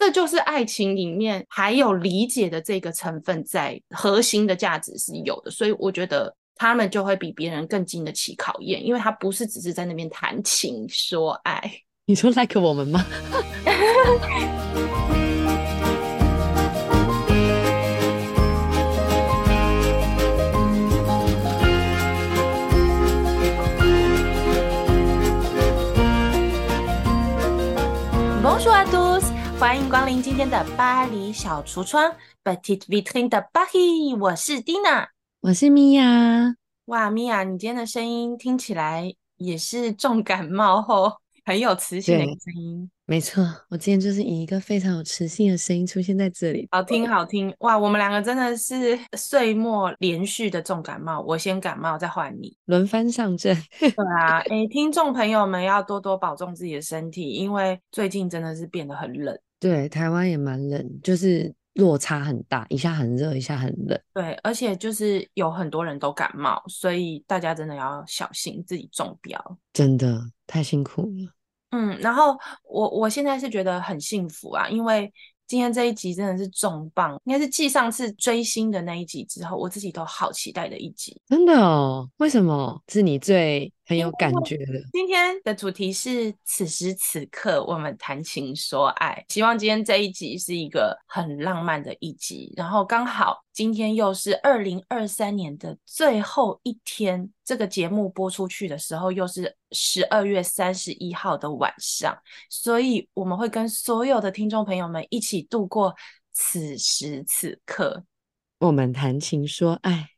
這就是愛情裡面還有理解的這個成分在，核心的價值是有的，所以我覺得他們就會比別人更經得起考驗，因為他不是只是在那邊談情說愛。你說 like 我們嗎？歡迎光臨今天的巴黎小櫥窗，Petite vitrine de Paris，我是 Dina，我是 Mia。哇，Mia，你今天的聲音聽起來也是重感冒後、哦、很有磁性的一個聲音。沒錯，我今天就是以一個非常有磁性的聲音出現在這裡。好聽，好聽，哇，我們兩個真的是歲末連續的重感冒，我先感冒再換你，輪番上陣。 對啊，哎，聽眾朋友們要多多保重自己的身體，因為最近真的是變得很冷。對，台灣也蠻冷，就是落差很大，一下很熱，一下很冷。對，而且就是有很多人都感冒，所以大家真的要小心自己中標。真的太辛苦了。嗯，然後我我現在是覺得很幸福啊，因為今天這一集真的是重磅，應該是繼上次追星的那一集之後，我自己都好期待的一集。真的哦，為什麼？是你最？很有感覺的。今天的主題是此時此刻，我們談情說愛，希望今天這一集是一個很浪漫的一集。然後剛好今天又是二零二三年的最後一天，這個節目播出去的時候又是十二月三十一號的晚上，所以我們會跟所有的聽眾朋友們一起度過此時此刻，我們談情說愛。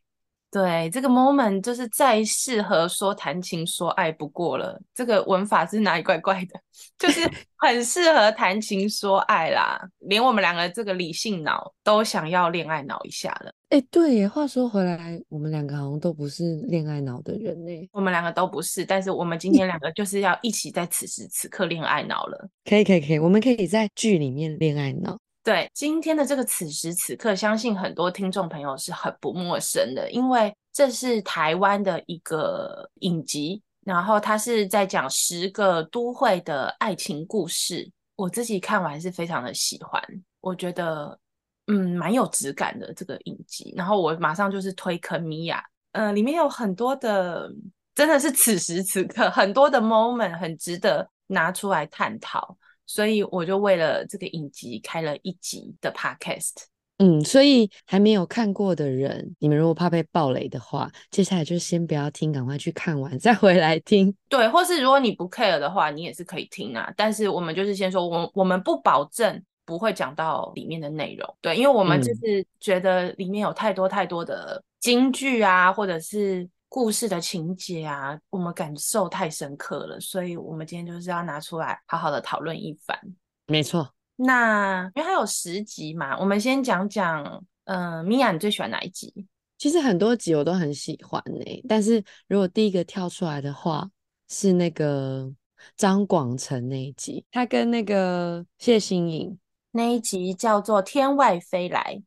對，這個 moment 就是再適合說談情說愛不過了。這個文法是哪裡怪怪的？就是很適合談情說愛啦，連我們兩個這個理性腦都想要戀愛腦一下了。哎、欸，對耶。話說回來，我們兩個好像都不是戀愛腦的人嘞。我們兩個都不是，但是我們今天兩個就是要一起在此時此刻戀愛腦了。可以，可以，可以，我們可以在劇裡面戀愛腦。對，今天的這個此時此刻，相信很多聽眾朋友是很不陌生的，因為這是台灣的一個影集，然後它是在講十個都會的愛情故事。我自己看完是非常的喜歡，我覺得嗯蠻有質感的這個影集。然後我馬上就是推坑 Mia 嗯，裡面有很多的真的是此時此刻很多的 moment，很值得拿出來探討。所以我就為了這個影集開了一集的 podcast。嗯，所以還沒有看過的人，你們如果怕被暴雷的話，接下來就先不要聽，趕快去看完再回來聽。對，或是如果你不 care 的話，你也是可以聽啊。但是我們就是先說，我我們不保證不會講到裡面的內容。對，因為我們就是覺得裡面有太多太多的金句啊，或者是。故事的情節啊，我們感受太深刻了，所以我們今天就是要拿出來好好的討論一番。沒錯，那因為它有十集嘛，我們先講講。嗯、呃，米婭，你最喜歡哪一集？其實很多集我都很喜歡誒、欸，但是如果第一個跳出來的話，是那個張廣成那一集，他跟那個謝欣穎那一集叫做《天外飛來》。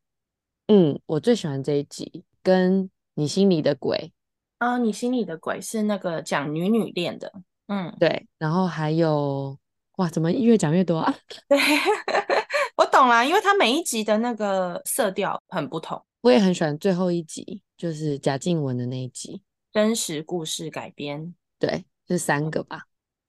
嗯，我最喜歡這一集，跟你心裡的鬼。啊、哦，你心裡的鬼是那個講女女戀的，嗯，對，然後還有，哇，怎麼越講越多啊？對，呵呵，我懂了，因為他每一集的那個色調很不同。我也很喜歡最後一集，就是賈靜雯的那一集，真實故事改編。對，就是三個吧？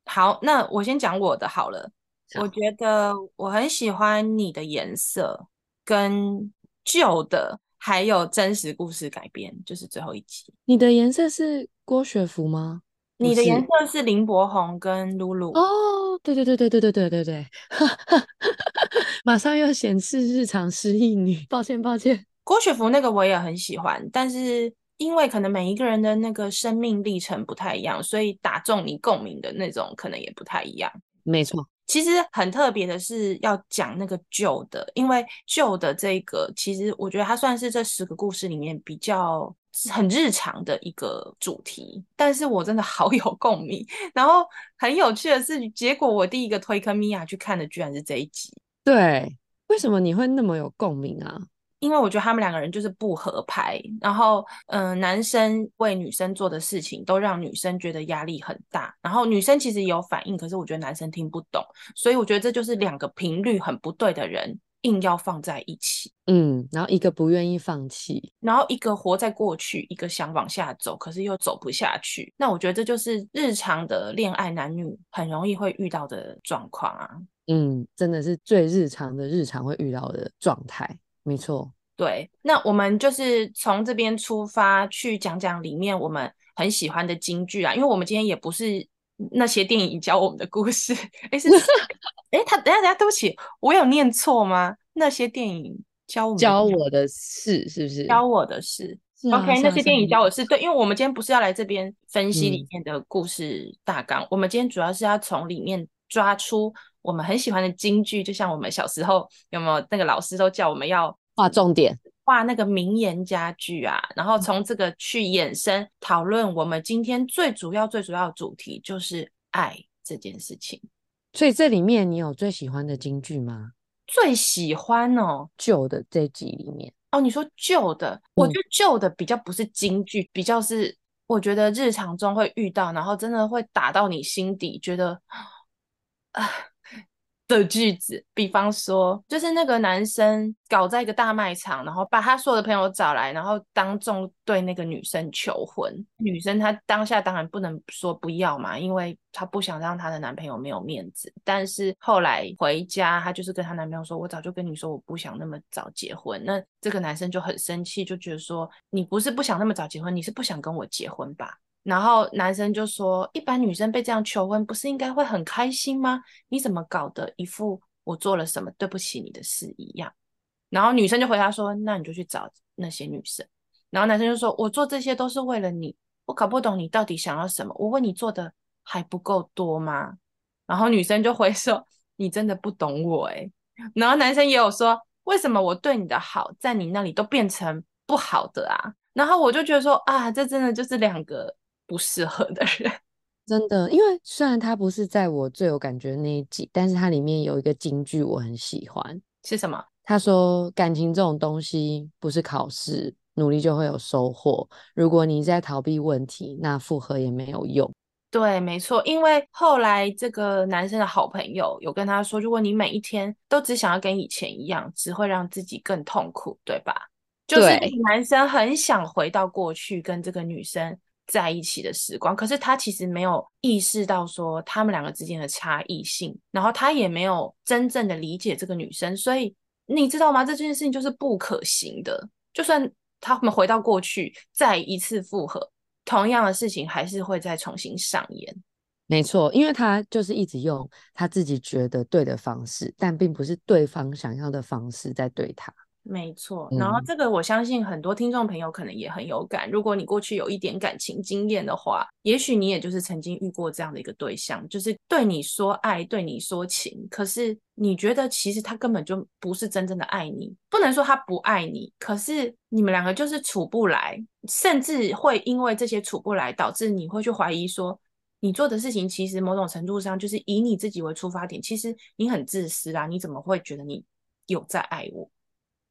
好，那我先講我的好了。好。我覺得我很喜歡你的顏色跟舊的。還有真實故事改編，就是最後一集。你的顏色是郭雪芙嗎？你的顏色是林柏宏跟露露。哦，對對對對對對對對對， 馬上又顯示日常失憶女。抱歉抱歉，抱歉郭雪芙那個我也很喜歡，但是因為可能每一個人的那個生命歷程不太一樣，所以打中你共鳴的那種可能也不太一樣。沒錯。其實很特別的是要講那個舊的，因為舊的這個，其實我覺得它算是這十個故事裡面比較很日常的一個主題，但是我真的好有共鳴。然後很有趣的是，結果我第一個推克米亞去看的居然是這一集。對，為什麼你會那麼有共鳴啊？因為我覺得他們兩個人就是不合拍，然後嗯、呃，男生為女生做的事情都讓女生覺得壓力很大，然後女生其實也有反應，可是我覺得男生聽不懂，所以我覺得這就是兩個頻率很不對的人硬要放在一起，嗯，然後一個不願意放棄，然後一個活在過去，一個想往下走，可是又走不下去。那我覺得這就是日常的戀愛男女很容易會遇到的狀況啊，嗯，真的是最日常的日常會遇到的狀態。沒錯，對，那我們就是從這邊出發去講講裡面我們很喜歡的金句啊，因為我們今天也不是那些電影教我們的故事，哎、欸、是，哎、 欸、他，等下等下，對不起，我有念錯嗎？那些電影教我教，教我的事，是不是教我的事？OK，那些電影教我的事，對，因為我們今天不是要來這邊分析裡面的故事大綱，嗯、我們今天主要是要從裡面抓出。我們很喜歡的金句，就像我們小時候有沒有那個老師都叫我們要畫重點，畫那個名言佳句啊，然後從這個去衍生、嗯、討論。我們今天最主要、最主要的主題就是愛這件事情。所以這裡面你有最喜歡的金句嗎？最喜歡哦，舊的這集裡面哦，你說舊的，嗯、我覺得舊的比較不是金句，比較是我覺得日常中會遇到，然後真的會打到你心底，覺得啊。的句子，比方說，就是那個男生搞在一個大賣場，然後把他所有的朋友找來，然後當眾對那個女生求婚。女生她當下當然不能說不要嘛，因為她不想讓她的男朋友沒有面子。但是後來回家，她就是跟她男朋友說：“我早就跟你說，我不想那麼早結婚。”那這個男生就很生氣，就覺得說：“你不是不想那麼早結婚，你是不想跟我結婚吧？”然後男生就說：“一般女生被這樣求婚，不是應該會很開心嗎？你怎麼搞得一副我做了什麼對不起你的事一樣？”然後女生就回答說：“那你就去找那些女生。”然後男生就說：“我做這些都是為了你，我搞不懂你到底想要什麼。我問你做的還不夠多嗎？”然後女生就回說：“你真的不懂我誒、欸。”然後男生也有說：“為什麼我對你的好在你那裡都變成不好的啊？”然後我就覺得說：“啊，這真的就是兩個。”不適合的人，真的，因為雖然他不是在我最有感覺的那一集，但是他裡面有一個金句我很喜歡，是什麼？他說：“感情這種東西不是考試，努力就會有收穫。如果你在逃避問題，那複合也沒有用。”對，沒錯，因為後來這個男生的好朋友有跟他說：“如果你每一天都只想要跟以前一樣，只會讓自己更痛苦，對吧？”就是男生很想回到過去，跟這個女生。在一起的時光，可是他其實沒有意識到說他們兩個之間的差異性，然後他也沒有真正的理解這個女生，所以你知道嗎？這件事情就是不可行的。就算他們回到過去，再一次複合，同樣的事情還是會再重新上演。沒錯，因為他就是一直用他自己覺得對的方式，但並不是對方想要的方式在對他。沒錯，然後這個我相信很多聽眾朋友可能也很有感。嗯。如果你過去有一點感情經驗的話，也許你也就是曾經遇過這樣的一個對象，就是對你說愛，對你說情，可是你覺得其實他根本就不是真正的愛你，不能說他不愛你，可是你們兩個就是處不來，甚至會因為這些處不來，導致你會去懷疑說，你做的事情其實某種程度上就是以你自己為出發點，其實你很自私啊，你怎麼會覺得你有在愛我？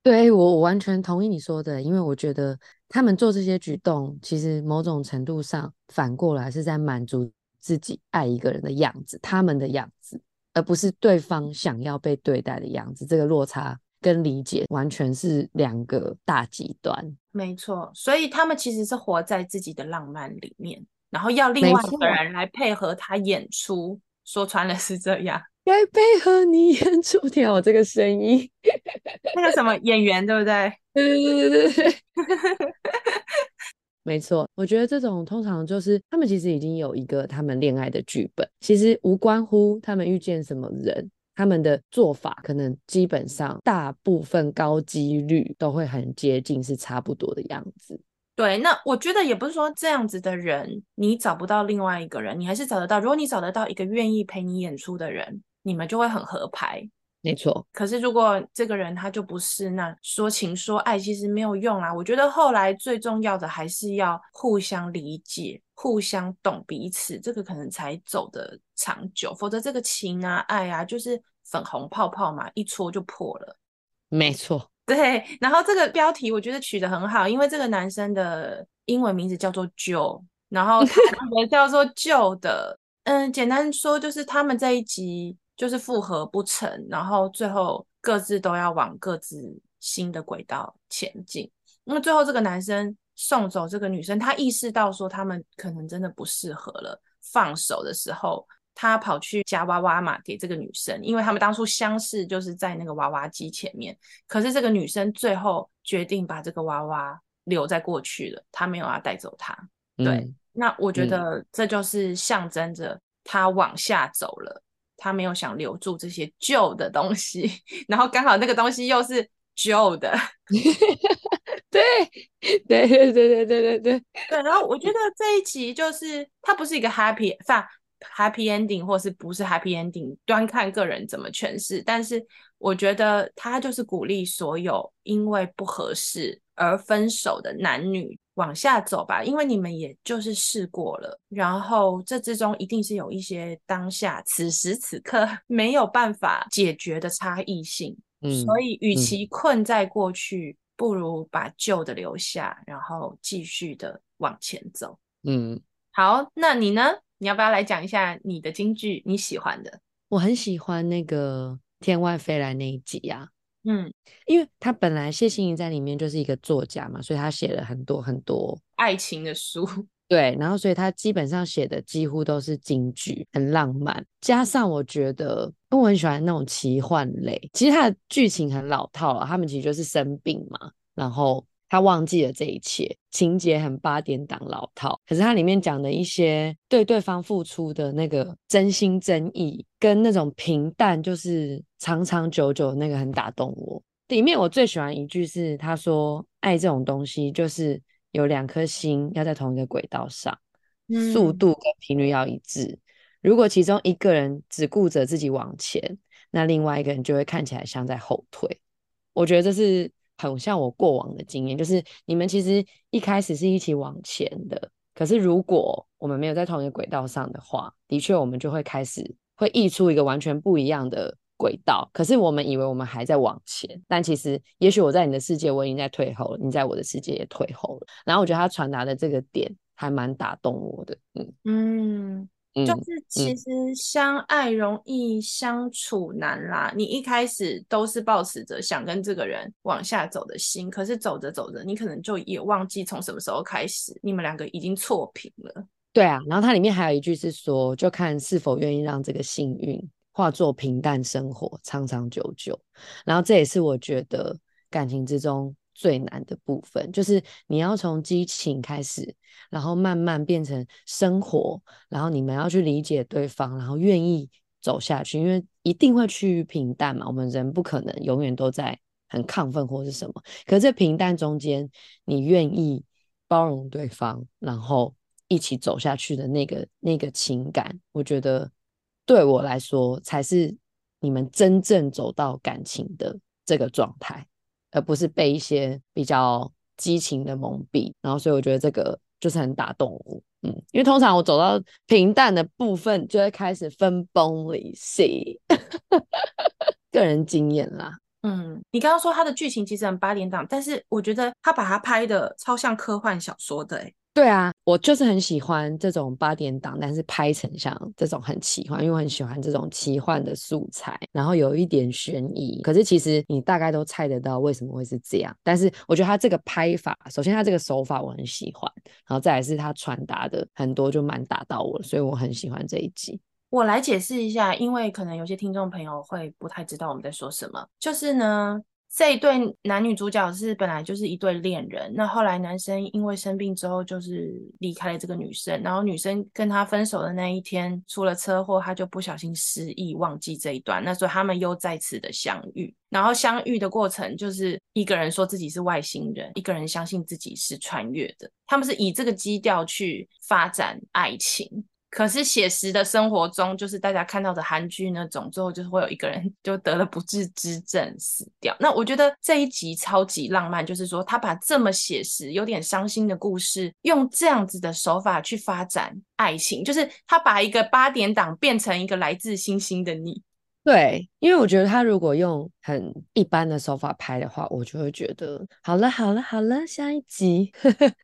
對我，我完全同意你說的，因為我覺得他們做這些舉動，其實某種程度上反過來是在滿足自己愛一個人的樣子，他們的樣子，而不是對方想要被對待的樣子。這個落差跟理解完全是兩個大極端。沒錯，所以他們其實是活在自己的浪漫裡面，然後要另外一個人來配合他演出。沒錯。說穿了是這樣。該配合你演出，聽我這個聲音， 那個什麼演員對不對？對對對對對， 沒錯。我覺得這種通常就是他們其實已經有一個他們戀愛的劇本，其實無關乎他們遇見什麼人，他們的做法可能基本上大部分高幾率都會很接近，是差不多的樣子。對，那我覺得也不是說這樣子的人你找不到另外一個人，你還是找得到。如果你找得到一個願意陪你演出的人，你們就會很合拍，沒錯錯。可是如果這個人他就不是，那說情說愛其實沒有用啊。我覺得後來最重要的還是要互相理解、互相懂彼此，這個可能才走得長久。否則這個情啊、愛啊，就是粉紅泡泡嘛，一戳就破了。沒錯錯，對。然後這個標題我覺得取得很好，因為這個男生的英文名字叫做 Joe 然後他那叫做舊的。 嗯，簡單說就是他們在一起。就是復合不成，然後最後各自都要往各自新的軌道前進。那麼最後這個男生送走這個女生，他意識到說他們可能真的不適合了。放手的時候，他跑去夾娃娃嘛，給這個女生，因為他們當初相識就是在那個娃娃機前面。可是這個女生最後決定把這個娃娃留在過去了，她沒有要帶走它。對，嗯，那我覺得這就是象徵着他往下走了。他沒有想留住這些舊的東西，然後剛好那個東西又是舊的， 對,對對對對對對對對。然後我覺得這一集就是，他不是一個 happy 飯，happy ending，或是不是 happy ending，端看個人怎麼詮釋。但是我覺得他就是鼓勵所有因為不合適而分手的男女。往下走吧，因為你們也就是試過了，然後這之中一定是有一些當下此時此刻沒有辦法解決的差異性，嗯，所以與其困在過去，嗯，不如把舊的留下，然後繼續的往前走。嗯，好，那你呢？你要不要來講一下你的金句，你喜歡的？我很喜歡那個天外飛來那一集呀、啊。嗯，因為他本來謝欣怡在裡面就是一個作家嘛，所以他寫了很多很多愛情的書，對，然後所以他基本上寫的幾乎都是金句，很浪漫。加上我覺得，因為我很喜歡那種奇幻類，其實他的劇情很老套了，他們其實就是生病嘛，然後。他忘記了這一切，情節很八點檔老套，可是它裡面講的一些對對方付出的那個真心真意，跟那種平淡，就是長長久久那個很打動我。裡面我最喜歡一句是，他說：“愛這種東西，就是有兩顆心要在同一個軌道上，嗯、速度跟頻率要一致。如果其中一個人只顧着自己往前，那另外一個人就會看起來像在後退。”我覺得這是。很像我過往的經驗，就是你們其實一開始是一起往前的，可是如果我們沒有在同一個軌道上的話，的確我們就會開始會溢出一個完全不一樣的軌道。可是我們以為我們還在往前，但其實也許我在你的世界我已經在退後了，你在我的世界也退後了。然後我覺得他傳達的這個點還蠻打動我的，嗯嗯。就是其實相愛容易相處難啦，你一開始都是抱持着想跟這個人往下走的心，可是走着走着，你可能就也忘記從什麼時候開始，你們兩個已經錯頻了、嗯。嗯、對啊，然後它裡面還有一句是說，就看是否願意讓這個幸運化作平淡生活，長長久久。然後這也是我覺得感情之中。最難的部分就是你要從激情開始，然後慢慢變成生活，然後你們要去理解對方，然後願意走下去，因為一定會趨於平淡嘛。我們人不可能永遠都在很亢奮或是什麼。可是這平淡中間，你願意包容對方，然後一起走下去的那個那個情感，我覺得對我來說，才是你們真正走到感情的這個狀態。而不是被一些比較激情的蒙蔽，然後所以我覺得這個就是很打動我，嗯，因為通常我走到平淡的部分就會開始分崩離析， 個人經驗啦。嗯，你剛剛說他的劇情其實很八點檔，但是我覺得他把它拍的超像科幻小說的誒、欸。對啊，我就是很喜歡這種八點檔，但是拍成像這種很奇幻，因為我很喜歡這種奇幻的素材，然後有一點懸疑，可是其實你大概都猜得到為什麼會是這樣。但是我覺得他這個拍法，首先他這個手法我很喜歡，然後再來是他傳達的很多就蠻打到我，所以我很喜歡這一集。我來解釋一下，因為可能有些聽眾朋友會不太知道我們在說什麼，就是呢。這一對男女主角是本來就是一對戀人，那後來男生因為生病之後就是離開了這個女生，然後女生跟他分手的那一天出了車禍，他就不小心失憶忘記這一段，那所以他們又再次的相遇，然後相遇的過程就是一個人說自己是外星人，一個人相信自己是穿越的，他們是以這個基調去發展愛情。可是寫實的生活中，就是大家看到的韓劇那種，最後就是會有一個人就得了不治之症死掉。那我覺得這一集超級浪漫，就是說他把這麼寫實、有點傷心的故事，用這樣子的手法去發展愛情，就是他把一個八點檔變成一個來自星星的你。對，因為我覺得他如果用很一般的手法拍的話，我就會覺得好了，好了，好了，下一集。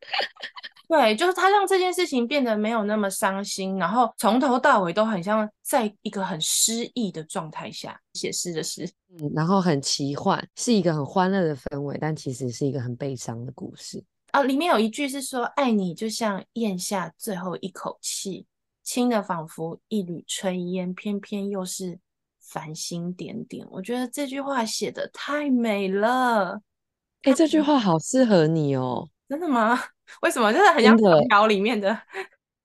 對，就是他讓這件事情變得沒有那麼傷心，然後從頭到尾都很像在一個很失意的狀態下寫詩的詩，嗯，然後很奇幻，是一個很歡樂的氛圍，但其實是一個很悲傷的故事啊、哦。裡面有一句是說：“愛你就像咽下最後一口氣，輕的仿佛一縷炊煙，偏偏又是繁星點點。”我覺得這句話寫的太美了，哎，這句話好適合你哦，啊、真的嗎？為什麼？就是很像小稿裡面的，的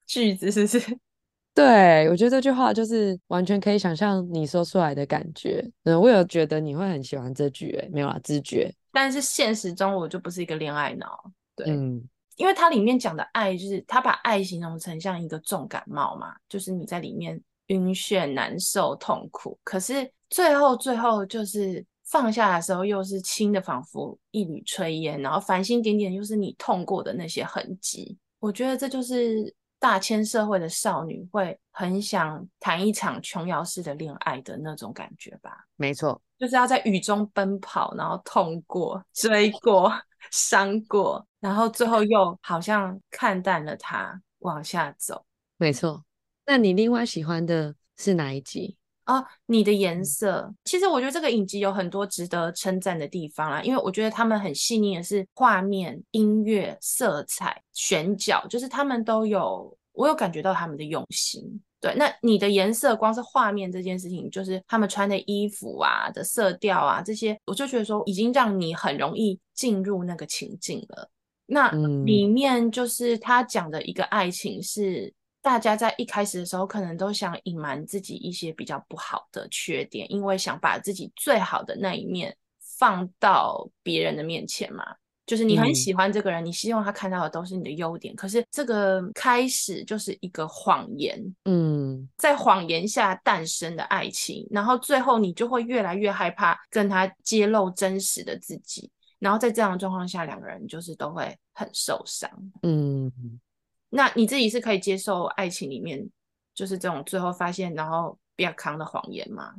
句子，是不是？對，我覺得這句話就是完全可以想象你說出來的感覺。嗯，我有覺得你會很喜歡這句、欸，沒有啊，直覺。但是現實中我就不是一個戀愛腦。對，嗯，因為它裡面講的愛，就是他把愛形容成像一個重感冒嘛，就是你在裡面暈眩、難受、痛苦，可是最後最後就是。放下的時候又是輕的，仿佛一縷炊煙，然後繁星點點，又是你痛過的那些痕跡。我覺得這就是大千社會的少女會很想談一場瓊瑤式的戀愛的那種感覺吧。沒錯錯，就是要在雨中奔跑，然後痛過、追過、傷 過，然後最後又好像看淡了它，往下走。沒錯。那你另外喜歡的是哪一集？啊、哦，你的顏色，其實我覺得這個影集有很多值得稱讚的地方啦，因為我覺得他們很細膩的是畫面、音樂、色彩、選角，就是他們都有，我有感覺到他們的用心。對，那你的顏色，光是畫面這件事情，就是他們穿的衣服啊的色調啊這些，我就覺得說已經讓你很容易進入那個情境了。那裡面就是他講的一個愛情是。大家在一開始的時候，可能都想隱瞞自己一些比較不好的缺點，因為想把自己最好的那一面放到別人的面前嘛。就是你很喜歡這個人，嗯。你希望他看到的都是你的優點。可是這個開始就是一個謊言，嗯，在謊言下誕生的愛情，然後最後你就會越來越害怕跟他揭露真實的自己，然後在這樣的狀況下，兩個人就是都會很受傷，嗯。那你自己是可以接受愛情裡面就是這種最後發現然後不亞康的謊言嗎？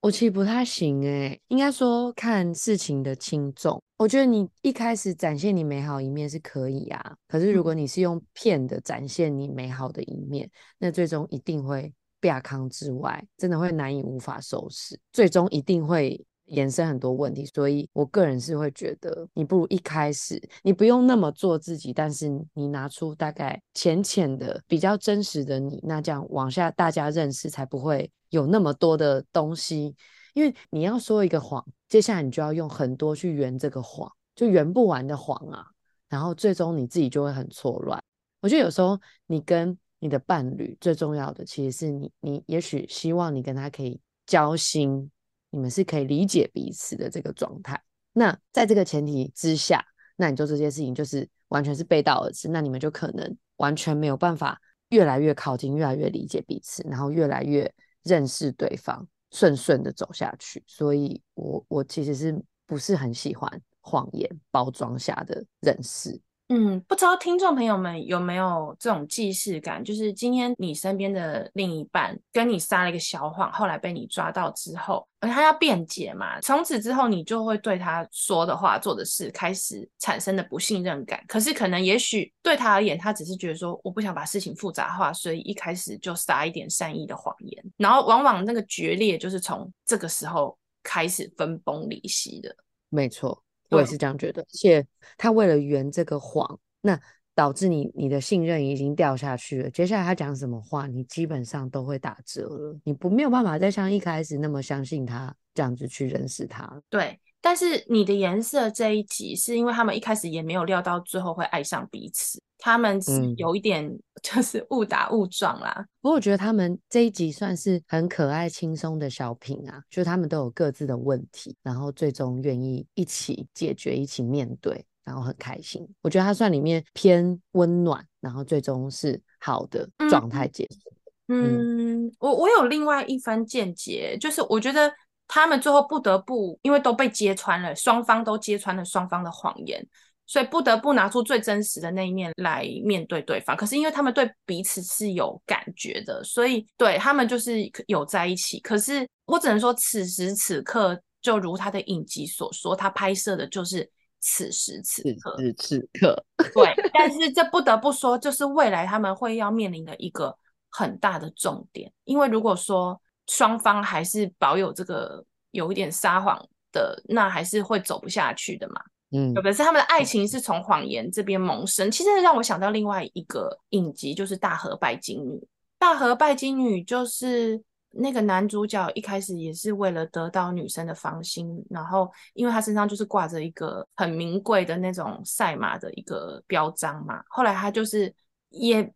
我其實不太行誒、欸，應該說看事情的輕重。我覺得你一開始展現你美好的一面是可以啊，可是如果你是用騙的展現你美好的一面，嗯、那最終一定會不亞康之外，真的會難以無法收拾，最終一定會。延伸很多問題，所以我個人是會覺得，你不如一開始你不用那麼做自己，但是你拿出大概淺淺的、比較真實的你，那這樣往下大家認識才不會有那麼多的東西。因為你要說一個謊，接下來你就要用很多去圓這個謊，就圓不完的謊啊。然後最終你自己就會很錯亂。我覺得有時候你跟你的伴侶最重要的，其實是你你也許希望你跟他可以交心。你們是可以理解彼此的這個狀態，那在這個前提之下，那你做這件事情就是完全是背道而馳，那你們就可能完全沒有辦法越來越靠近，越來越理解彼此，然後越來越認識對方，順順的走下去。所以我，我我其實是不是很喜歡謊言包裝下的認識。嗯，不知道聽眾朋友們有沒有這種既視感，就是今天你身邊的另一半跟你撒了一個小謊，後來被你抓到之後，而他要辯解嘛，從此之後你就會對他說的話、做的事開始產生的不信任感。可是可能也許對他而言，他只是覺得說我不想把事情複雜化，所以一開始就撒一點善意的謊言，然後往往那個決裂就是從這個時候開始分崩離析的，沒錯。我也是這樣覺得，而且他為了圓這個謊，那導致你你的信任已經掉下去了。接下來他講什麼話，你基本上都會打折了。你不沒有辦法再像一開始那麼相信他，這樣子去認識他。對。但是你的顏色這一集，是因為他們一開始也沒有料到最後會愛上彼此，他們是有一點就是誤打誤撞啦。嗯，不過我覺得他們這一集算是很可愛、輕鬆的小品啊，就他們都有各自的問題，然後最終願意一起解決、一起面對，然後很開心。我覺得它算裡面偏溫暖，然後最終是好的狀態結束。嗯，嗯我我有另外一番見解，就是我覺得。他們最後不得不，因為都被揭穿了，雙方都揭穿了雙方的謊言，所以不得不拿出最真實的那一面來面對對方。可是，因為他們對彼此是有感覺的，所以對他們就是有在一起。可是，我只能說，此時此刻，就如他的影集所說，他拍攝的就是此時此刻。此，此刻， 對。但是，這不得不說，就是未來他們會要面臨的一個很大的重點，因為如果說。雙方還是保有這個有一點撒謊的，那還是會走不下去的嘛。嗯，有本是他們的愛情是從謊言這邊萌生。其實讓我想到另外一個影集，就是大和拜金女《大和拜金女》。《大和拜金女》就是那個男主角一開始也是為了得到女生的芳心，然後因為他身上就是掛着一個很名貴的那種賽馬的一個標章嘛。後來他就是也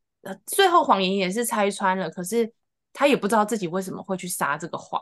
最後謊言也是拆穿了，可是。他也不知道自己為什麼會去撒這個謊，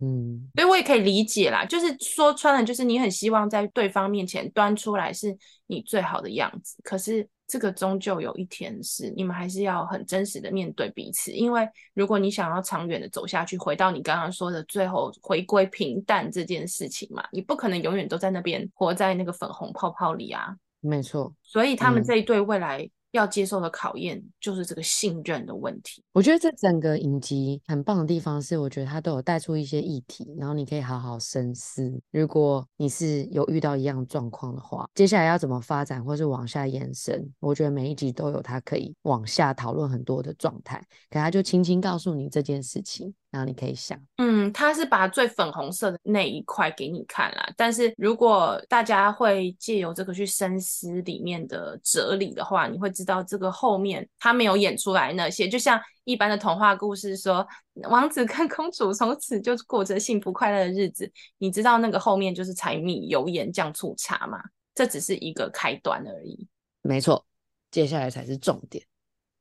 嗯，所以我也可以理解啦。就是說穿了，就是你很希望在對方面前端出來是你最好的樣子，可是這個終究有一天是你們還是要很真實的面對彼此。因為如果你想要長遠的走下去，回到你剛剛說的最後回歸平淡這件事情嘛，你不可能永遠都在那邊活在那個粉紅泡泡裡啊。沒錯，所以他們這一對未來。嗯。要接受的考驗就是這個信任的問題。我覺得這整個影集很棒的地方是，我覺得它都有帶出一些議題，然後你可以好好深思。如果你是有遇到一樣狀況的話，接下來要怎麼發展或是往下延伸？我覺得每一集都有它可以往下討論很多的狀態，可他就輕輕告訴你這件事情，然後你可以想。嗯，他是把最粉紅色的那一塊給你看啦。但是如果大家會借由這個去深思裡面的哲理的話，你會知。到這個後面，他沒有演出來那些，就像一般的童話故事說，說王子跟公主從此就過着幸福快樂的日子。你知道那個後面就是柴米油鹽醬醋茶嗎？這只是一個開端而已。沒錯，接下來才是重點。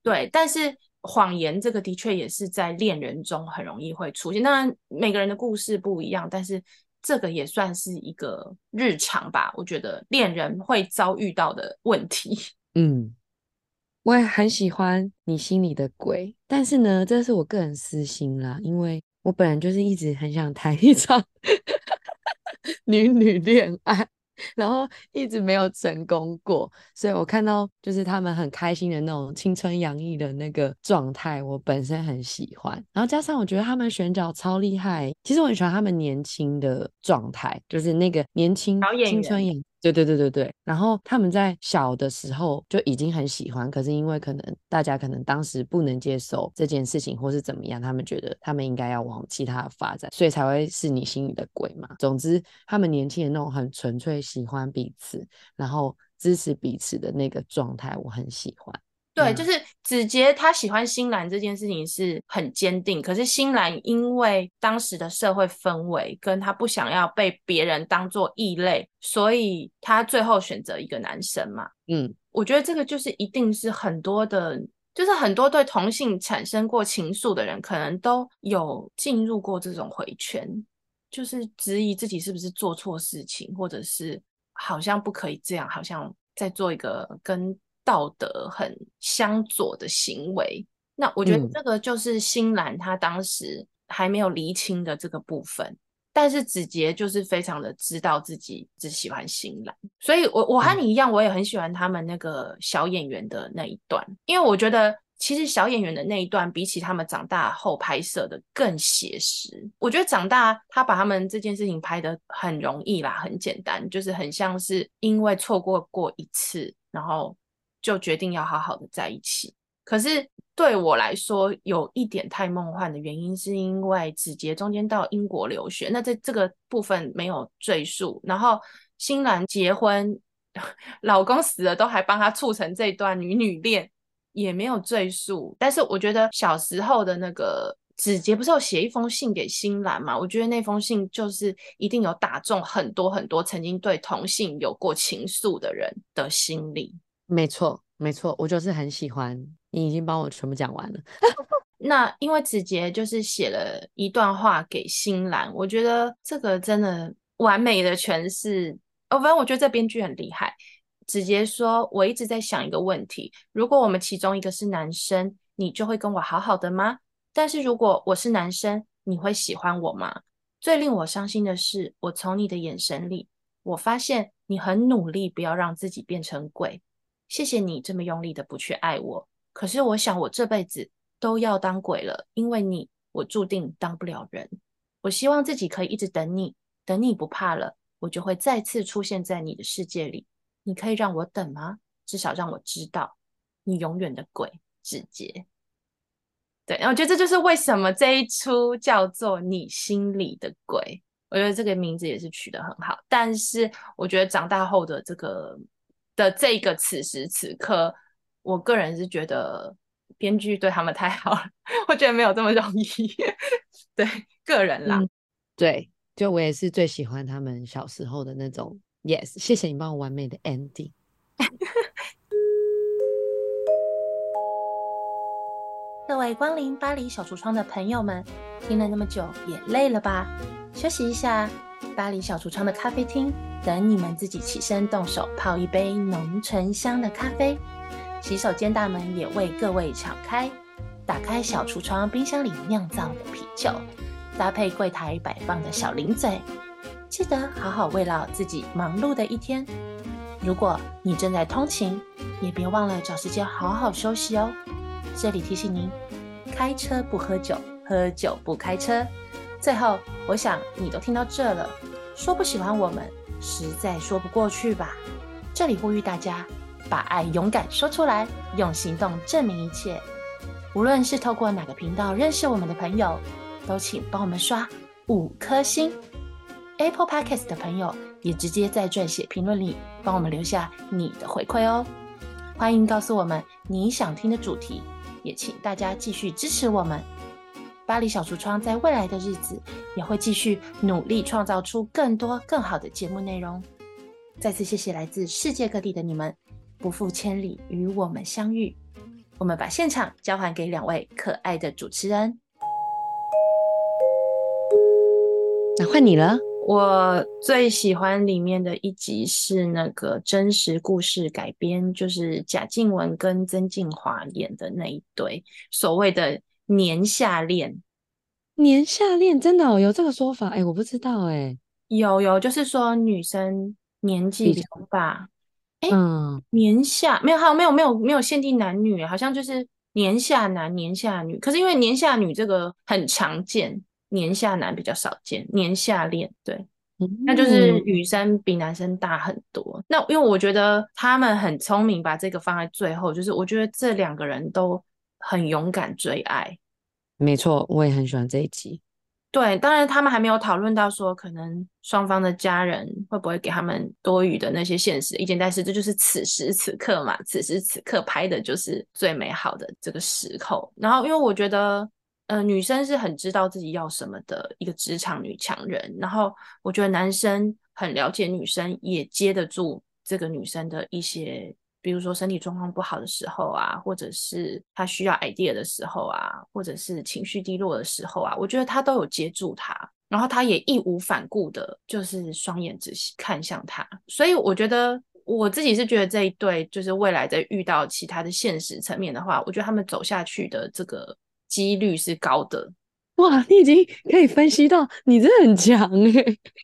對，但是謊言這個的確也是在戀人中很容易會出現。當然，每個人的故事不一樣，但是這個也算是一個日常吧。我覺得戀人會遭遇到的問題。嗯。我也很喜歡你心裡的鬼，但是呢，這是我個人私心啦，因為我本人就是一直很想談一場 女女戀愛，然後一直沒有成功過，所以我看到就是他們很開心的那種青春洋溢的那個狀態，我本身很喜歡，然後加上我覺得他們選角超厲害。其實我很喜歡他們年輕的狀態，就是那個年輕青春洋溢。對對對對對，然後他們在小的時候就已經很喜歡，可是因為可能大家可能當時不能接受這件事情，或是怎麼樣，他們覺得他們應該要往其他發展，所以才會是你心裡的鬼嘛。總之，他們年輕人那種很純粹喜歡彼此，然後支持彼此的那個狀態，我很喜歡。對，Yeah. 就是子杰他喜歡新蘭這件事情是很堅定，可是新蘭因為當時的社會氛圍跟他不想要被別人當作異類，所以他最後選擇一個男生嘛。嗯，mm. 我覺得這個就是一定是很多的，就是很多對同性產生過情愫的人，可能都有進入過這種回圈，就是質疑自己是不是做錯事情，或者是好像不可以這樣，好像在做一個跟。道德很相左的行為，那我覺得這個就是新蘭他當時還沒有釐清的這個部分。嗯、但是子杰就是非常的知道自己只喜歡新蘭，所以我我和你一樣，我也很喜歡他們那個小演員的那一段，嗯、因為我覺得其實小演員的那一段比起他們長大後拍攝的更寫實。我覺得長大他把他們這件事情拍得很容易啦，很簡單，就是很像是因為錯過過一次，然後。就決定要好好的在一起，可是對我來說有一點太夢幻的原因，是因為子杰中間到英國留學，那這這個部分沒有贅述。然後新蘭結婚，老公死了都還幫她促成這段女女戀，也沒有贅述。但是我覺得小時候的那個子杰不是有寫一封信給新蘭嘛？我覺得那封信就是一定有打中很多很多曾經對同性有過情愫的人的心裡。沒錯，沒錯，我就是很喜歡你。已經幫我全部講完了。 那因為子杰就是寫了一段話給新蘭，我覺得這個真的完美的詮釋。哦，反正我覺得這編劇很厲害。子杰說：“我一直在想一個問題，如果我們其中一個是男生，你就會跟我好好的嗎？但是如果我是男生，你會喜歡我嗎？最令我傷心的是，我從你的眼神裡，我發現你很努力，不要讓自己變成鬼。”謝謝你這麼用力的不去愛我，可是我想我這輩子都要當鬼了，因為你，我注定當不了人。我希望自己可以一直等你，等你不怕了，我就會再次出現在你的世界裡。你可以讓我等嗎？至少讓我知道，你永遠的鬼，志杰。對，然後我覺得這就是為什麼這一出叫做《你心裡的鬼》，我覺得這個名字也是取得很好。但是我覺得長大後的這個。的這個此時此刻，我個人是覺得編劇對他們太好了，我覺得沒有這麼容易。 對個人啦、嗯，對，就我也是最喜歡他們小時候的那種。Yes，謝謝你幫我完美的 ending。 各位光臨巴黎小櫥窗的朋友們，聽了那麼久也累了吧？休息一下。巴黎小櫥窗的咖啡廳，等你們自己起身動手泡一杯濃醇香的咖啡。洗手間大門也為各位敞開，打開小櫥窗冰箱裡釀造的啤酒，搭配櫃台擺放的小零嘴，記得好好慰勞自己忙碌的一天。如果你正在通勤，也別忘了找時間好好休息哦。這裡提醒您：開車不喝酒，喝酒不開車。最後，我想你都聽到這了，說不喜歡我們，實在說不過去吧。這裡呼籲大家，把愛勇敢說出來，用行動證明一切。無論是透過哪個頻道認識我們的朋友，都請幫我們刷五顆星。Apple Podcast 的朋友也直接在撰寫評論裡幫我們留下你的回饋哦。歡迎告訴我們你想聽的主題，也請大家繼續支持我們。巴黎小櫥窗在未來的日子也會繼續努力創造出更多更好的節目內容。再次謝謝來自世界各地的你們，不負千里與我們相遇。我們把現場交還給兩位可愛的主持人，那換你了。我最喜歡裡面的一集是那個真實故事改編，就是賈靜雯跟曾敬驊演的那一對所謂的。年下戀，年下戀真的、哦，有這個說法？哎、欸，我不知道哎、欸。有有，就是說女生年紀比較大。哎較，誒嗯，年下沒有，好像沒有沒有沒有限定男女，好像就是年下男、年下女。可是因為年下女這個很常見，年下男比較少見。年下戀，對，嗯嗯，那就是女生比男生大很多。那因為我覺得他們很聰明，把這個放在最後，就是我覺得這兩個人都。很勇敢追愛，沒錯，我也很喜歡這一集。對，當然他們還沒有討論到說可能雙方的家人會不會給他們多餘的那些現實意見，但是這就是此時此刻嘛，此時此刻拍的就是最美好的這個時候。然後，因為我覺得，呃，女生是很知道自己要什麼的一個職場女強人，然後我覺得男生很了解女生，也接得住這個女生的一些。比如說身體狀況不好的時候啊，或者是他需要 idea 的時候啊，或者是情緒低落的時候啊，我覺得他都有接住他，然後他也義無反顧的，就是雙眼直看向他。所以我覺得我自己是覺得這一對，就是未來在遇到其他的現實層面的話，我覺得他們走下去的這個幾率是高的。哇，你已經可以分析到，你這很強欸。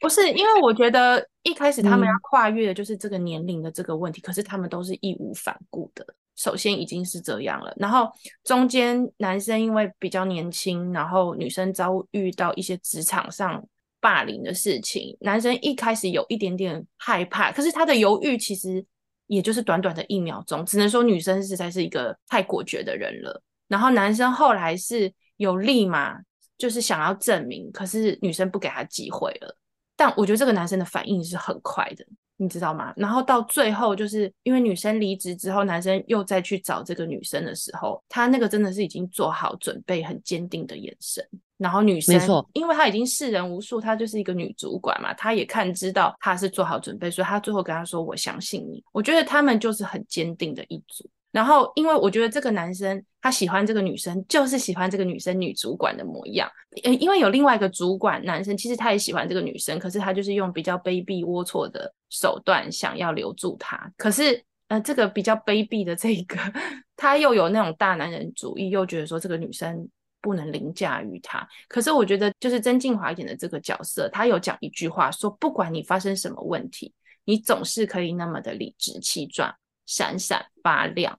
不是，不是因為我覺得一開始他們要跨越的就是這個年齡的這個問題，嗯、可是他們都是義無反顧的。首先已經是這樣了，然後中間男生因為比較年輕，然後女生遭遇到一些職場上霸凌的事情，男生一開始有一點點害怕，可是他的猶豫其實也就是短短的一秒鐘，只能說女生實在是一個太果決的人了。然後男生後來是有立馬。就是想要證明，可是女生不給他機會了。但我覺得這個男生的反應是很快的，你知道嗎？然後到最後，就是因為女生離職之後，男生又再去找這個女生的時候，他那個真的是已經做好準備，很堅定的眼神。然後女生，沒錯，因為她已經識人無數，她就是一個女主管嘛，她也看知道她是做好準備，所以她最後跟他說：“我相信你。”我覺得他們就是很堅定的一組。然後，因為我覺得這個男生他喜歡這個女生，就是喜歡這個女生女主管的模樣。因因為有另外一個主管男生，其實他也喜歡這個女生，可是他就是用比較卑鄙齷齪的手段想要留住她。可是，呃，這個比較卑鄙的這一個，他又有那種大男人主義，又覺得說這個女生不能凌駕於他。可是我覺得，就是曾敬驊演的這個角色，他有講一句話說，說不管你發生什麼問題，你總是可以那麼的理直氣壯，閃閃發亮。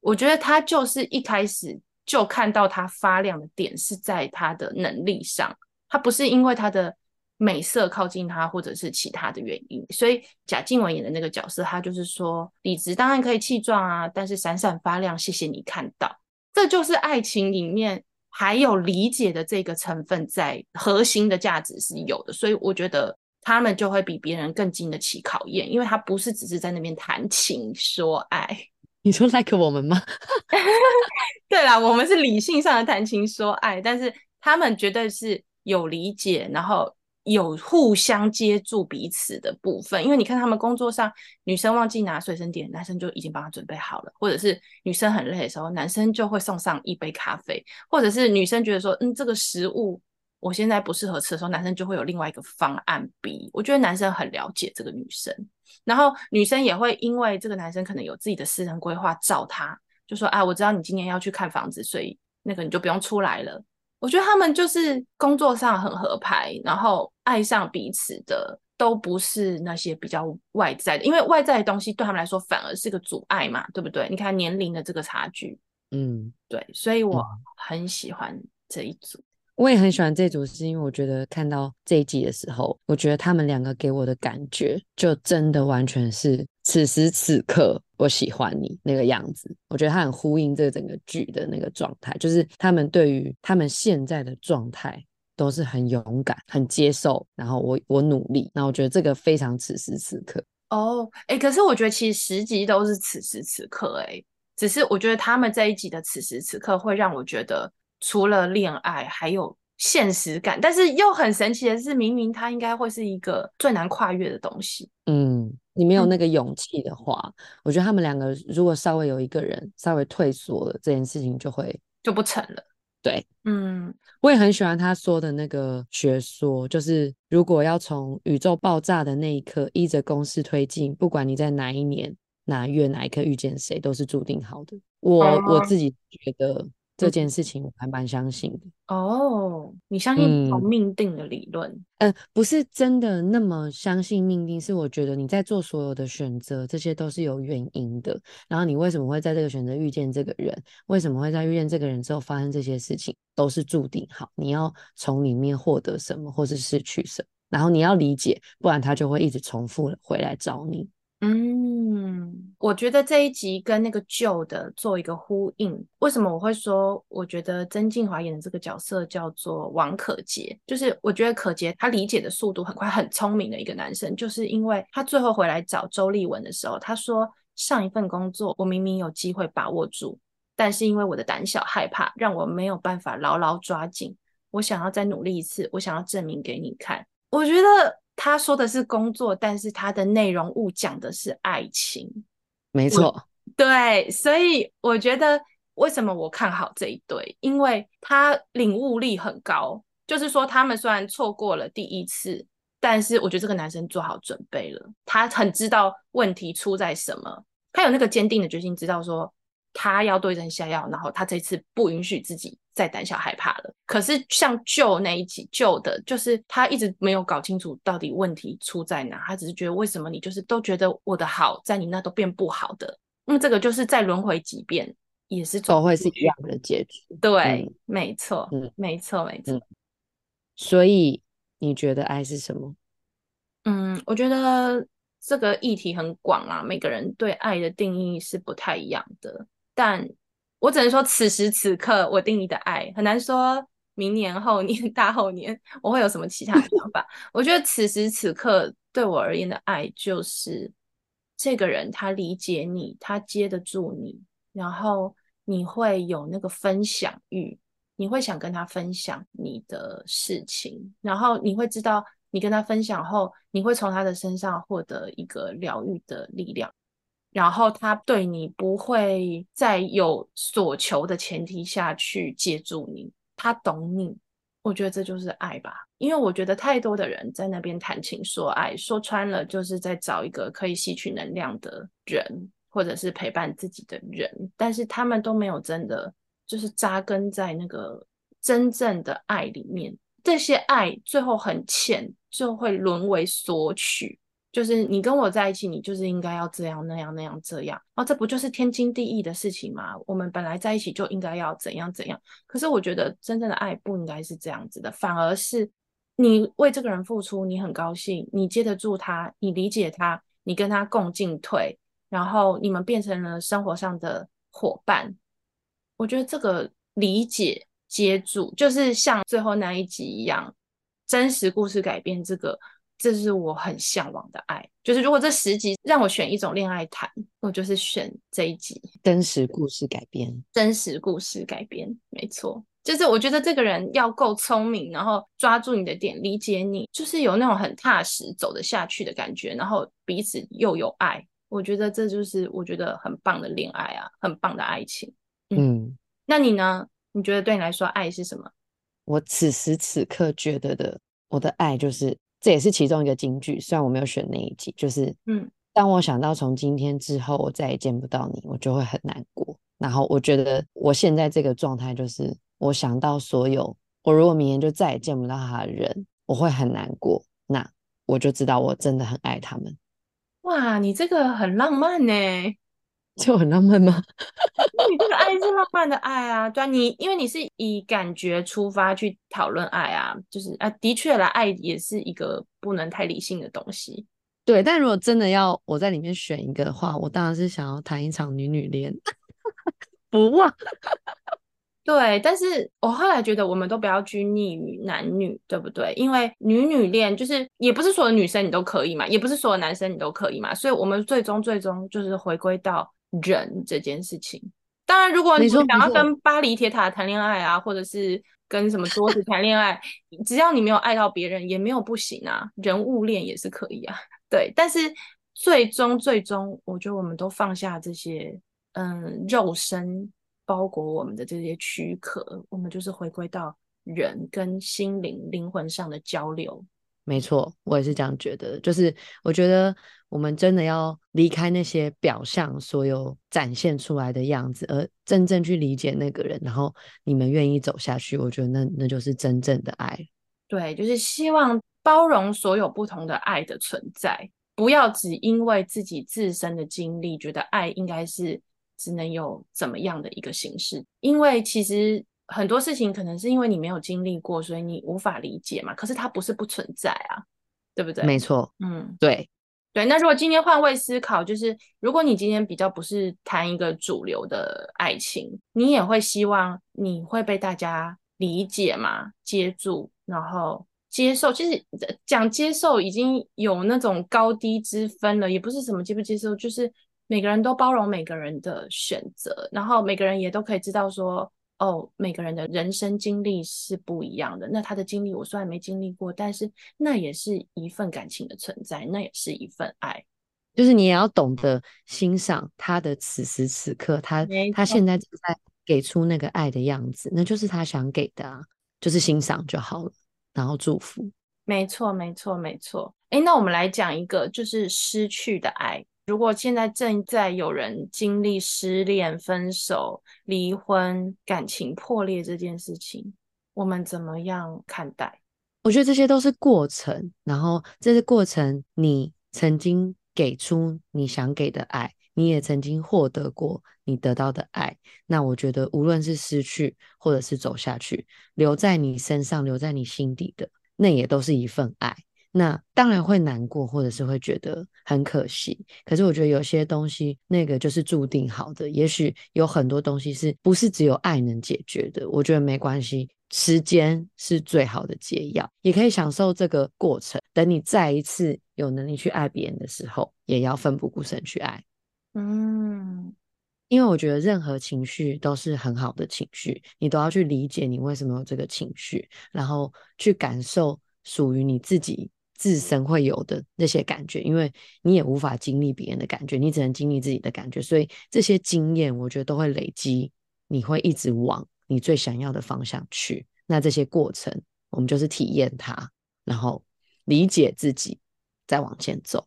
我覺得他就是一開始就看到他發亮的點是在他的能力上，他不是因為他的美色靠近他或者是其他的原因。所以賈靜雯演的那個角色，他就是說理直當然可以氣壯啊，但是閃閃發亮，謝謝你看到。這就是愛情裡面還有理解的這個成分在，核心的價值是有的，所以我覺得他們就會比別人更經得起考驗，因為他不是只是在那邊談情說愛。你說 like 我們嗎？ 對啦，我們是理性上的談情說愛，但是他們絕對是有理解，然後有互相接觸彼此的部分。因為你看，他們工作上，女生忘記拿隨身碟，男生就已經幫他準備好了；或者是女生很累的時候，男生就會送上一杯咖啡；或者是女生覺得說，嗯，這個食物。我現在不適合吃的時候，男生就會有另外一個方案 B，我覺得男生很了解這個女生，然後女生也會因為這個男生可能有自己的私人規劃找他就說：“啊，我知道你今天要去看房子，所以那個你就不用出來了。”我覺得他們就是工作上很合拍，然後愛上彼此的都不是那些比較外在的，因為外在的東西對他們來說反而是個阻礙嘛，對不對？你看年齡的這個差距，嗯，對，所以我很喜歡這一組。我也很喜歡這組，是因為我覺得看到這一集的時候，我覺得他們兩個給我的感覺就真的完全是此時此刻我喜歡你那個樣子。我覺得它很呼應這整個劇的那個狀態，就是他們對於他們現在的狀態都是很勇敢、很接受。然後我我努力，那我覺得這個非常此時此刻哦。誒，可是我覺得其實十集都是此時此刻，誒，只是我覺得他們這一集的此時此刻會讓我覺得。除了戀愛，還有現實感，但是又很神奇的是，明明它應該會是一個最難跨越的東西。嗯，你沒有那個勇氣的話，嗯、我覺得他們兩個如果稍微有一個人稍微退縮了，這件事情就會就不成了。對，嗯，我也很喜歡他說的那個學說，就是如果要從宇宙爆炸的那一刻依着公式推進，不管你在哪一年、哪月、哪一刻遇見誰，都是注定好的。我、嗯、我自己覺得。這件事情我還蠻相信的哦。oh, 你相信有命定的理論？嗯、呃，不是真的那麼相信命定，是我覺得你在做所有的選擇，這些都是有原因的。然後你為什麼會在這個選擇遇見這個人？為什麼會在遇見這個人之後發生這些事情？都是注定好，你要從裡面獲得什麼，或是失去什麼，然後你要理解，不然他就會一直重複回來找你。嗯，我覺得這一集跟那個舊的做一個呼應。為什麼我會說，我覺得曾敬驊演的這個角色叫做王可杰，就是我覺得可杰他理解的速度很快，很聰明的一個男生，就是因為他最後回來找周立文的時候，他說上一份工作我明明有機會把握住，但是因為我的膽小害怕，讓我沒有辦法牢牢抓緊。我想要再努力一次，我想要證明給你看。我覺得。他說的是工作，但是他的內容物講的是愛情，沒錯。對，所以我覺得為什麼我看好這一對，因為他領悟力很高。就是說，他們雖然錯過了第一次，但是我覺得這個男生做好準備了，他很知道問題出在什麼，他有那個堅定的決心，知道說。他要對症下藥，然後他這次不允許自己再膽小害怕了。可是像舊那一集，舊的就是他一直沒有搞清楚到底問題出在哪，他只是覺得為什麼你就是都覺得我的好在你那都變不好的，那、嗯、這個就是再輪迴幾遍也是總會是一樣的結局。對，沒錯，沒錯，沒錯、嗯。所以你覺得愛是什麼？嗯，我覺得這個議題很廣啊，每個人對愛的定義是不太一樣的。但我只能說，此時此刻我定你的愛很難說明年後年大後年我會有什麼其他的想法。 我覺得此時此刻對我而言的愛，就是這個人他理解你，他接得住你，然後你會有那個分享欲，你會想跟他分享你的事情，然後你會知道你跟他分享後，你會從他的身上獲得一個療癒的力量。然後他對你不會再有所求的前提下去接住你，他懂你，我覺得這就是愛吧。因為我覺得太多的人在那邊談情說愛，說穿了就是在找一個可以吸取能量的人，或者是陪伴自己的人，但是他們都沒有真的就是扎根在那個真正的愛裡面。這些愛最後很淺，就會淪為索取。就是你跟我在一起，你就是應該要這樣那樣那樣這樣，哦，這不就是天經地義的事情嗎？我們本來在一起就應該要怎樣怎樣。可是我覺得真正的愛不應該是這樣子的，反而是你為這個人付出，你很高興，你接得住他，你理解他，你跟他共進退，然後你們變成了生活上的伙伴。我覺得這個理解接住，就是像最後那一集一樣，真實故事改編這個。這是我很嚮往的愛，就是如果這十集讓我選一種戀愛談，我就是選這一集。真實故事改編，真實故事改編，沒錯，就是我覺得這個人要夠聰明，然後抓住你的點，理解你，就是有那種很踏實走得下去的感覺，然後彼此又有愛，我覺得這就是我覺得很棒的戀愛啊，很棒的愛情。嗯，嗯，那你呢？你覺得對你來說愛是什麼？我此時此刻覺得的我的愛就是。這也是其中一個金句，雖然我沒有選那一集，就是，嗯，當我想到從今天之後我再也見不到你，我就會很難過。然後我覺得我現在這個狀態就是，我想到所有我如果明天就再也見不到他的人，我會很難過。那我就知道我真的很愛他們。哇，你這個很浪漫欸。就很浪漫嗎？那 你這個愛是浪漫的愛啊，對啊，你因為你是以感覺出發去討論愛啊，就是啊，的確了，愛也是一個不能太理性的東西。對，但如果真的要我在裡面選一個的話，我當然是想要談一場女女戀。 不忘了，忘 對，但是我後來覺得我們都不要拘泥於男女，對不對？因為女女戀就是也不是所有女生你都可以嘛，也不是所有男生你都可以嘛，所以我們最終最終就是回歸到。人這件事情，當然，如果你想要跟巴黎鐵塔談戀愛啊，或者是跟什麼桌子談戀愛， 只要你沒有愛到別人，也沒有不行啊，人物戀也是可以啊。對，但是最終最終，我覺得我們都放下這些，嗯，肉身包裹我們的這些軀殼，我們就是回歸到人跟心靈、靈魂上的交流。沒錯，我也是這樣覺得。就是我覺得我們真的要離開那些表象，所有展現出來的樣子，而真正去理解那個人。然後你們願意走下去，我覺得那那就是真正的愛。對，就是希望包容所有不同的愛的存在，不要只因為自己自身的經歷，覺得愛應該是只能有怎麼樣的一個形式。因為其實，很多事情可能是因為你沒有經歷過，所以你無法理解嘛。可是它不是不存在啊，對不對？沒錯，嗯，對，對。那如果今天換位思考，就是如果你今天比較不是談一個主流的愛情，你也會希望你會被大家理解嘛，接住，然後接受。其實講接受已經有那種高低之分了，也不是什麼接不接受，就是每個人都包容每個人的選擇，然後每個人也都可以知道說。哦，每個人的人生經歷是不一樣的。那他的經歷我雖然沒經歷過，但是那也是一份感情的存在，那也是一份愛。就是你也要懂得欣賞他的此時此刻，他沒錯，他現在正在給出那個愛的樣子，那就是他想給的啊，就是欣賞就好了，然後祝福。沒錯，沒錯，沒錯。誒，那我們來講一個，就是失去的愛。如果現在正在有人經歷失戀、分手、離婚、感情破裂這件事情，我們怎麼樣看待？我覺得這些都是過程。然後這些過程，你曾經給出你想給的愛，你也曾經獲得過你得到的愛。那我覺得，無論是失去，或者是走下去，留在你身上、留在你心底的，那也都是一份愛。那當然會難過，或者是會覺得很可惜。可是我覺得有些東西，那個就是注定好的。也許有很多東西是，是不是只有愛能解決的。我覺得沒關係，時間是最好的解藥，也可以享受這個過程。等你再一次有能力去愛別人的時候，也要奮不顧身去愛。嗯，因為我覺得任何情緒都是很好的情緒，你都要去理解你為什麼有這個情緒，然後去感受屬於你自己。自身會有的那些感覺，因為你也無法經歷別人的感覺，你只能經歷自己的感覺，所以這些經驗我覺得都會累積，你會一直往你最想要的方向去。那這些過程，我們就是體驗它，然後理解自己，再往前走。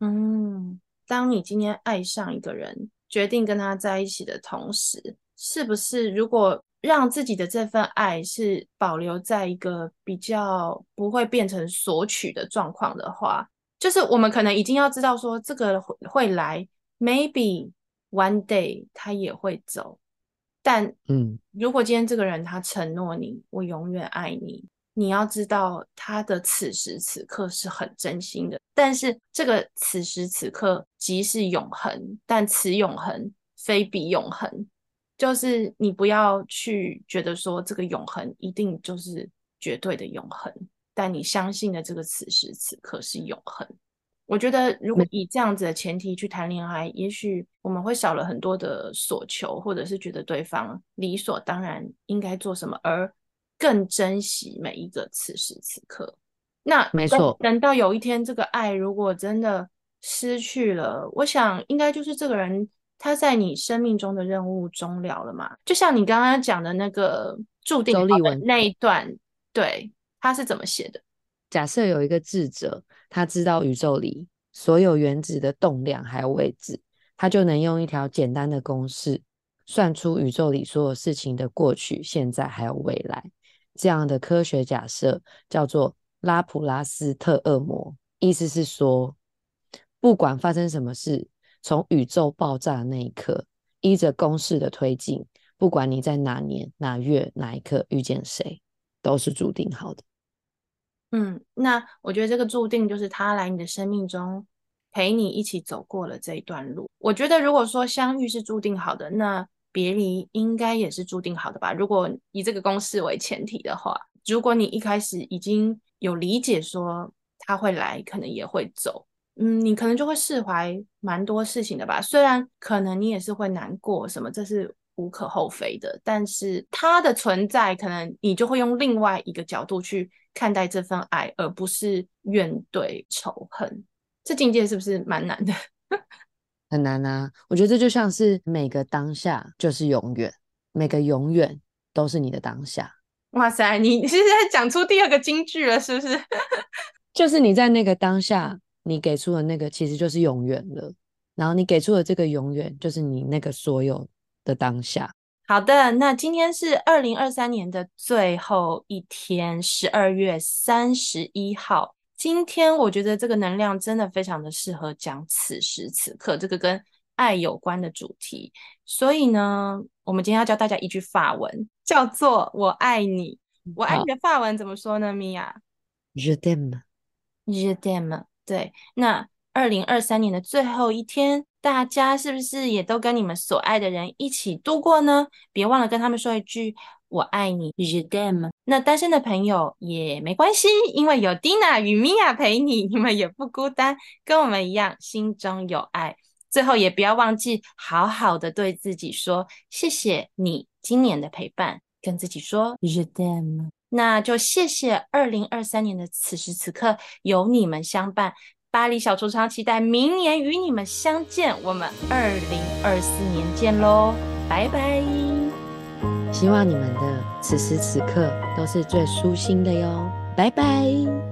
嗯，當你今天愛上一個人，決定跟他在一起的同時，是不是如果……讓自己的這份愛是保留在一個比較不會變成索取的狀況的話，就是我們可能已經要知道說這個會會來，maybe one day 他也會走，但嗯，如果今天這個人他承諾你，我永遠愛你，你要知道他的此時此刻是很真心的，但是這個此時此刻即是永恆，但此永恆非彼永恆。就是你不要去覺得說這個永恆一定就是絕對的永恆，但你相信的這個此時此刻是永恆。我覺得如果以這樣子的前提去談戀愛，嗯，也許我們會少了很多的索求，或者是覺得對方理所當然應該做什麼，而更珍惜每一個此時此刻。那沒錯，等到有一天這個愛如果真的失去了，我想應該就是這個人。他在你生命中的任務終了了嗎？就像你剛剛講的那個注定的那一段，對，他是怎麼寫的？假設有一個智者，他知道宇宙裡所有原子的動量還有位置，他就能用一條簡單的公式算出宇宙裡所有事情的過去、現在還有未來。這樣的科學假設叫做拉普拉斯特惡魔，意思是說，不管發生什麼事。從宇宙爆炸那一刻，依着公式的推進，不管你在哪年哪月哪一刻遇見誰，都是注定好的。嗯，那我覺得這個注定就是他來你的生命中，陪你一起走過了這一段路。我覺得如果說相遇是注定好的，那別離應該也是注定好的吧？如果以這個公式為前提的話，如果你一開始已經有理解，說他會來，可能也會走。嗯，你可能就會釋懷蠻多事情的吧？雖然可能你也是會難過，什麼這是無可厚非的，但是它的存在，可能你就會用另外一個角度去看待這份愛，而不是怨懟仇恨。這境界是不是蠻難的？ 很難啊！我覺得這就像是每個當下就是永遠，每個永遠都是你的當下。哇塞，你你現在講出第二個金句了，是不是？ 就是你在那個當下。你給出的那個其實就是永遠了，然後你給出的這個永遠就是你那個所有的當下。好的，那今天是二零二三年的最後一天，十二月三十一號。今天我覺得這個能量真的非常的適合講此時此刻這個跟愛有關的主題。所以呢，我們今天要教大家一句法文，叫做“我愛你”好。我愛你的法文怎麼說呢，米婭？Je t'aime 對，那二零二三年的最後一天，大家是不是也都跟你們所愛的人一起度過呢？別忘了跟他們說一句我愛你，je t'aime。那單身的朋友也沒關係，因為有 Dina 與 Mia 陪你，你們也不孤單。跟我們一樣，心中有愛。最後也不要忘記，好好的對自己說，謝謝你今年的陪伴，跟自己說，je t'aime。那就謝謝二零二三年的此時此刻有你們相伴，巴黎小櫥窗期待明年與你們相見，我們二零二四年見嘍，拜拜！希望你們的此時此刻都是最舒心的喲，拜拜。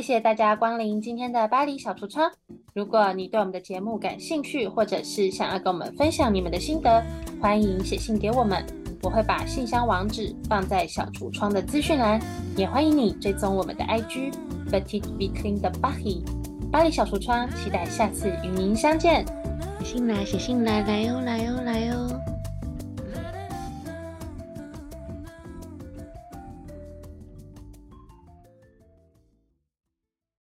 謝謝大家光臨今天的巴黎小櫥窗。如果你對我們的節目感興趣，或者是想要跟我們分享你們的心得，歡迎寫信給我們。我會把信箱網址放在小櫥窗的資訊欄，也歡迎你追蹤我們的 IG，Petite Vitrine de Paris。巴黎小櫥窗，期待下次與您相見。寫信啦！寫信啦！來喲，來喲，來喲。